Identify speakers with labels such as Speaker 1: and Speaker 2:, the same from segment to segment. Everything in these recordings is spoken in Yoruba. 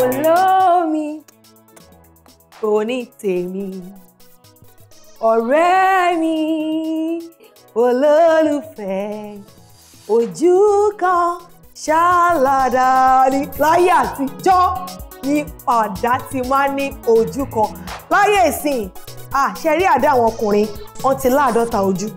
Speaker 1: olómi onítèmi ọ̀rẹ́ mi olólùfẹ́ ojú kan ṣáàlàdà ni láyé àtijọ́ ni àdá ti máa ní ojú kan láyé ìsìn àṣẹ rí àdá àwọn ọkùnrin wọn ti láàdọ́ta ojú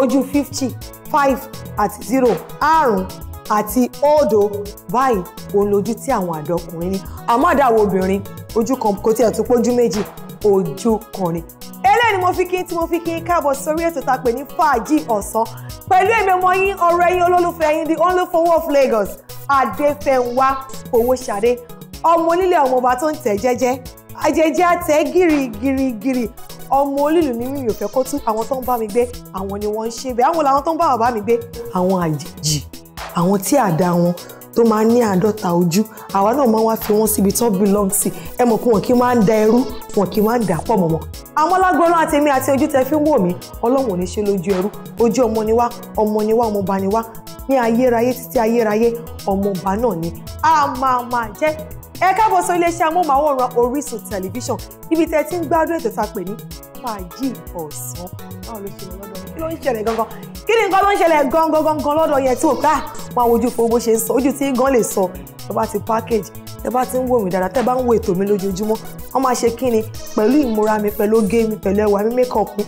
Speaker 1: ojú fifty five àti zero àrùn àti òdo báyìí òun lójú tí àwọn àdó ọkùnrin ní àmọ́ àdáwọ̀ obìnrin ojú kan kò tiẹ̀ tún pójú méjì ojú kan ni eléyìí ni mo fi kí tí mo fi kí káàbọ̀ sórí ètò tá a pè ní fàájì ọ̀sán pẹ̀lú èmi ọmọ yín ọ̀rẹ́ yín olólùfẹ́ yín the only fowo of Lagos Adéfẹ́nwá Fowóṣadé ọmọ onílé ọmọ ọba tó ń tẹ̀ jẹ́jẹ́ àjẹjẹ́ àtẹ̀ gírígírígírí ọmọ olílù ní mi ò fẹ́ kó tú àwọn tó ń bá mi gbé àwọn ni wọ́n ń ṣe bẹ́ẹ̀ àwọn làwọn tó ń bá bàbá mi gbé àwọn àjèjì àwọn tí àdá wọn tó máa ń ní àádọ́ta ojú àwa náà máa ń wá fi wọ́n síbi tó belong sí ẹ mọ̀ pé wọn kì í máa ń da ẹrú wọn kì í máa ń dà pọ̀ mọ́mọ́ àmọ́ lágbọ́nà àti èmi àti ojú tẹ fi ń wò mí ọlọ́run ò ní ṣe lójú ẹrú ojú ọmọ ni wá ọmọ ni wá ọmọọba ni wá ní ayérayé títí ayérayé ọmọọba náà ni a máa máa jẹ́ ẹ káàbọ̀ sọ iléeṣẹ́ amóhùnmáwòrán Orísun tẹlifíṣàn níbi tẹ́ ti ń gbádùn ètò tá a pè ní fàájì ọ̀sán báwo ló ṣe lọ́dọ̀ yẹn kí ló ń ṣẹlẹ̀ gangan kí ni nǹkan tó ń ṣẹlẹ̀ gangan gangan lọ́dọ̀ yẹn tí ò ká máa wojú fún bó ṣe ń sọ ojú tí gan lè sọ tó bá ti package tẹ bá ti ń wò mí dáadáa tẹ bá ń wo ètò mi lójoojúmọ́ wọ́n máa ṣe kí ni pẹ̀lú ìmúra mi pẹ̀lú oge mi pẹ̀lú ẹwà mi makeup mi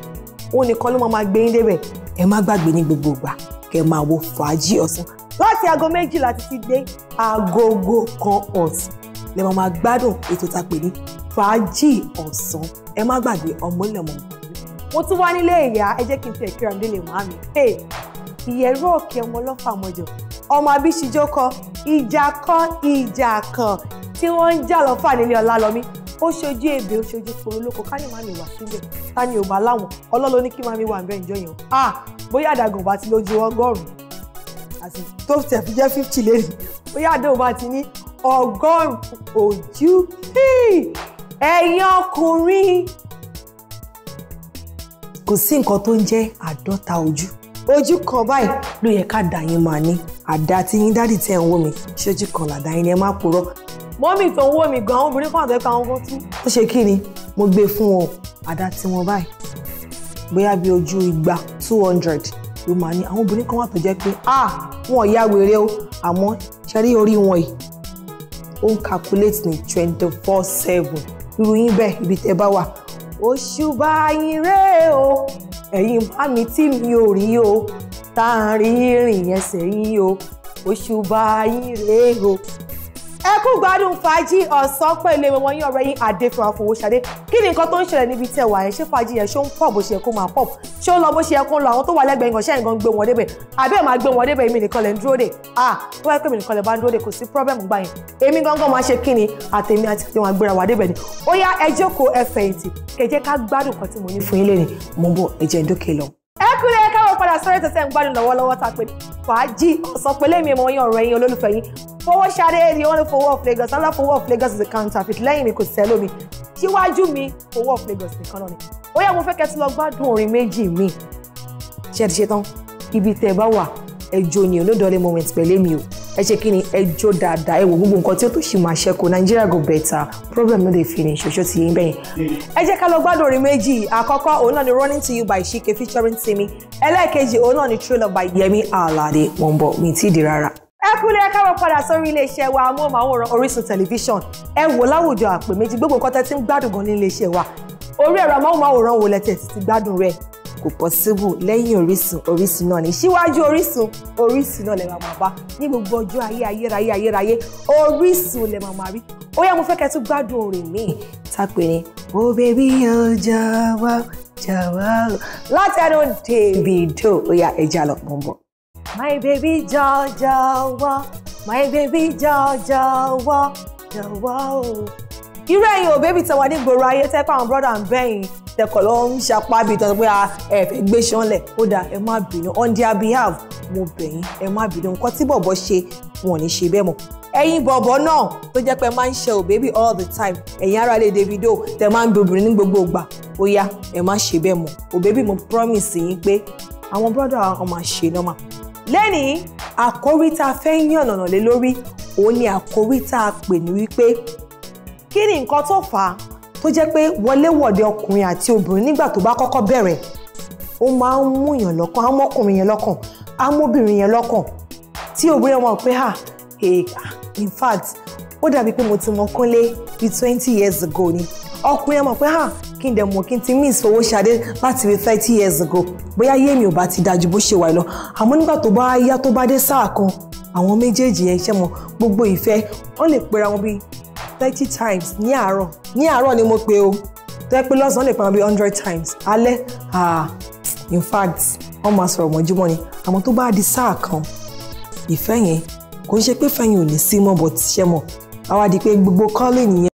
Speaker 1: ó nìkan ló máa gbé yín débẹ̀ ẹ má gbàgbé ní gbogbo ìgbà kẹ máa wo fàájì ọ̀sán láti aago méjìlá títí dé aagogo kan ọ̀sán lẹ máa máa gbádùn ètò tá a pè ní fàájì ọ̀sán ẹ má gbàgbé ọmọ ilẹ̀ mọ̀. mo tún wá nílé ìyá ẹ jẹ́ kí n tẹ̀ kíra mi délé màá mi. ìyẹ̀rú òkè ọmọ ọlọ́fà mọ̀jọ ọmọ abíṣijókọ ìjà kan ìjà kan tí wọ́n ń jà lọ́fà nílé ọlálọ́mí ó ṣojú èbè ó ṣojú koro lóko ká ní màmí wà síbẹ̀ ká ní òbá láwọn ọlọ́lọ́ ní kí màmí wà bẹ́ẹ̀ ìjọ yẹn à ah, bóyá àdàgùn bá ti lójú ọgọ́rùn-ún àti tó tẹ̀ fi jẹ́ fifty lẹ́nu bóyá àdéhùn bá ti ní ọgọ́rùn-ún ojú ẹ̀yin ọkùnrin kò sí nǹkan tó ń jẹ́ àádọ́ta ojú ojú kan báyìí ló yẹ ká dà yín máa ní àdá tí yín dádì tẹ̀ ń wò mí ṣojú kan làdá yín ni ẹ má purọ́ mọ́mì tó ń wò mí gan-an obìnrin kan àtẹ́ka àwọn kan tún. ó ṣe kí ni mo gbé e fún wọn àdá tí wọn báyìí bóyá bí ojú igba two hundred ló máa ní àwọn obìnrin kan wà tó jẹ́ pé ah wọn ò yá wèrè o àmọ́ ṣe rí orí wọn yìí ó ń calculate ní twenty four seven irú yín bẹ́ẹ̀ ibi tẹ́ bá wà. òṣùbà yín rèé o ẹ̀yin bá mi tí mi ò rí o tá a rí ìrìn ẹsẹ̀ yín o òṣùbà yín rèé o ẹ kú gbádùn fàájì ọ̀sán pẹ̀lú ìwọ̀n yín ọ̀rẹ́ yín Adéfẹ́wà Fowóṣadé kí ni nǹkan tó ń ṣẹlẹ̀ níbi tẹ̀ wà yẹn ṣé fàájì yẹn ṣó ń pọ̀ bó ṣe yẹ kó máa pọ̀ ṣé ó lọ bó ṣe yẹ kó ń lọ àwọn tó wà lẹ́gbẹ̀ẹ́ yín ṣẹ́yìn gan gbé wọn débẹ̀ àbí ẹ̀ máa gbé wọn débẹ̀ èmi nìkan lẹ̀ ń dúró dè ah ó wáyé pé èmi nìkan lẹ̀ bá ń dúró dè kò sí problem gbà yẹn èmi gangan máa ṣe kí ni àtẹ̀mí àti àtẹ̀wọ̀n agbéra wà débẹ̀ ni ó yá ẹ jókòó ẹ kúlẹ̀ káwọn padà sọ́rọ̀ tẹ̀sẹ̀ ń gbádùn lọ́wọ́lọ́wọ́ ta pé fàájì ọ̀sán pẹ̀lẹ́ mi ọmọ yín ọ̀rọ̀ yín olólùfẹ́ yín fowó ṣadé ni wọ́n ní fowó of Lagos ọlá fowó of Lagos is a counterfeit lẹ́yìn mi kò sẹ́lò mi síwájú mi fowó of Lagos nìkan náà ni ó yẹ mo fẹ́ kẹ́ tí lọ gbádùn orin méjì mi ṣe ti ṣe tán ibi tẹ́ bá wà ẹjọ́ ni onódọ́lé moment pẹ̀lẹ́ mi o ẹ ṣe kí ni ẹjọ́ dáadáa ẹ wò gbogbo nǹkan tí ó tó ṣì máa ṣẹ́kù Nigeria go better problem no dey finish ṣoṣo ti yín bẹ́yìn. ẹ jẹ́ ká lọ gbádùn orin méjì àkọ́kọ́ òun náà ni running to you by Chike featuring Timi ẹlẹ́ẹ̀kejì òun náà ni trailer by Yemi Alade mo ń bọ̀ mi ti di rárá ẹ kúlẹ̀ ẹ káàbọ̀ padà sórí iléeṣẹ́ wa amóhùnmáwòrán Orísun tẹlifíṣọ̀n ẹ wò láwùjọ àpè méjì gbogbo nǹkan tẹ́ ti ń wa orí ẹ̀rọ amóhùnmáwòrán wo lẹ́tẹ̀ ti gbádùn rẹ̀ kò possible lẹ́yìn orísun orísun náà ni síwájú orísun orísun náà lè máa máa bá ní gbogbo ọjọ́ ayé ayérayé ayérayé orísun lè máa máa rí ó yá mo fẹ́ kẹ́ tún gbádùn orin míì tá a pè ní. o bèbí o jà wá jà wá o láti ẹnu Davido ó ẹja lọ mọ̀ bọ̀. my baby jọjọ wá my baby jọjọ wá jọ̀wọ́ o irú ẹ̀yin ò bébì tẹwà ní gbòòrò ayé tẹ́ pàwọn brọ́dà ń bẹ́yìn tẹkọ̀ lọ ń ṣapá bíi tọ́jú pé ẹ fẹ́ gbé ṣánlẹ̀ ó dáa ẹ má bínú on their behalf mo bẹ̀ yín ẹ má bínú nǹkan tí bọ̀bọ̀ ṣe wọn ní ṣe bẹ́ẹ̀ mọ́ ẹ̀yin bọ̀bọ̀ náà tó jẹ́ pé máa ń ṣe ò all the time ẹ̀yin ará ilé Davido tẹ máa ń bí obìnrin ní gbogbo ìgbà ó yá ẹ má ṣe bẹ́ẹ̀ mọ́ ò bébì mo promise yín pé àwọn brọ́dà wọn máa ṣe nọ́mà lẹ́nìí àkórí tá a fẹ́ yàn nànà lé lórí òun ni àkórí tá a pè ní wípé kí ni nǹkan tó fà á tó jẹ́ pé wọléwọ̀de ọkùnrin àti obìnrin nígbà tó bá kọ́kọ́ bẹ̀rẹ̀ ó máa ń mú yàn lọ́kàn á mọ́kùnrin yẹn lọ́kàn á mọ́bìnrin yẹn lọ́kàn tí obìnrin ọmọ pé ha eh, in fact ó dàbí pé mo ti mọ Kúnlé bíi twenty years ago ni ọkùnrin ọmọ pé ha kí n dẹ̀ mọ̀ kí n ti miss owó ṣadé láti rí thirty years ago bóyá yé mi ò bá ti dájú bó ṣe wà lọ àmọ́ nígbà tó bá yá tó bá dé sáà kan àwọn méjèèjì yẹn ṣẹ́ mọ gbogbo ìfẹ́ wọ́n lè pera wọn bíi thirty times ní àárọ̀ ní àárọ̀ ni mo pe o tó yẹ pé lọ́sàn-án lè pa bí hundred times alẹ́ in fact wọ́n máa sọ̀rọ̀ mọ́júmọ́ ni àmọ́ tó bá di sáà kan ìfẹ́ yẹn kò ń ṣe pé fẹ́yìn ò ní sí mọ́ bọ̀ tíṣẹ́ mọ́ àwa di pé gbogbo kọ́lé nìyẹn.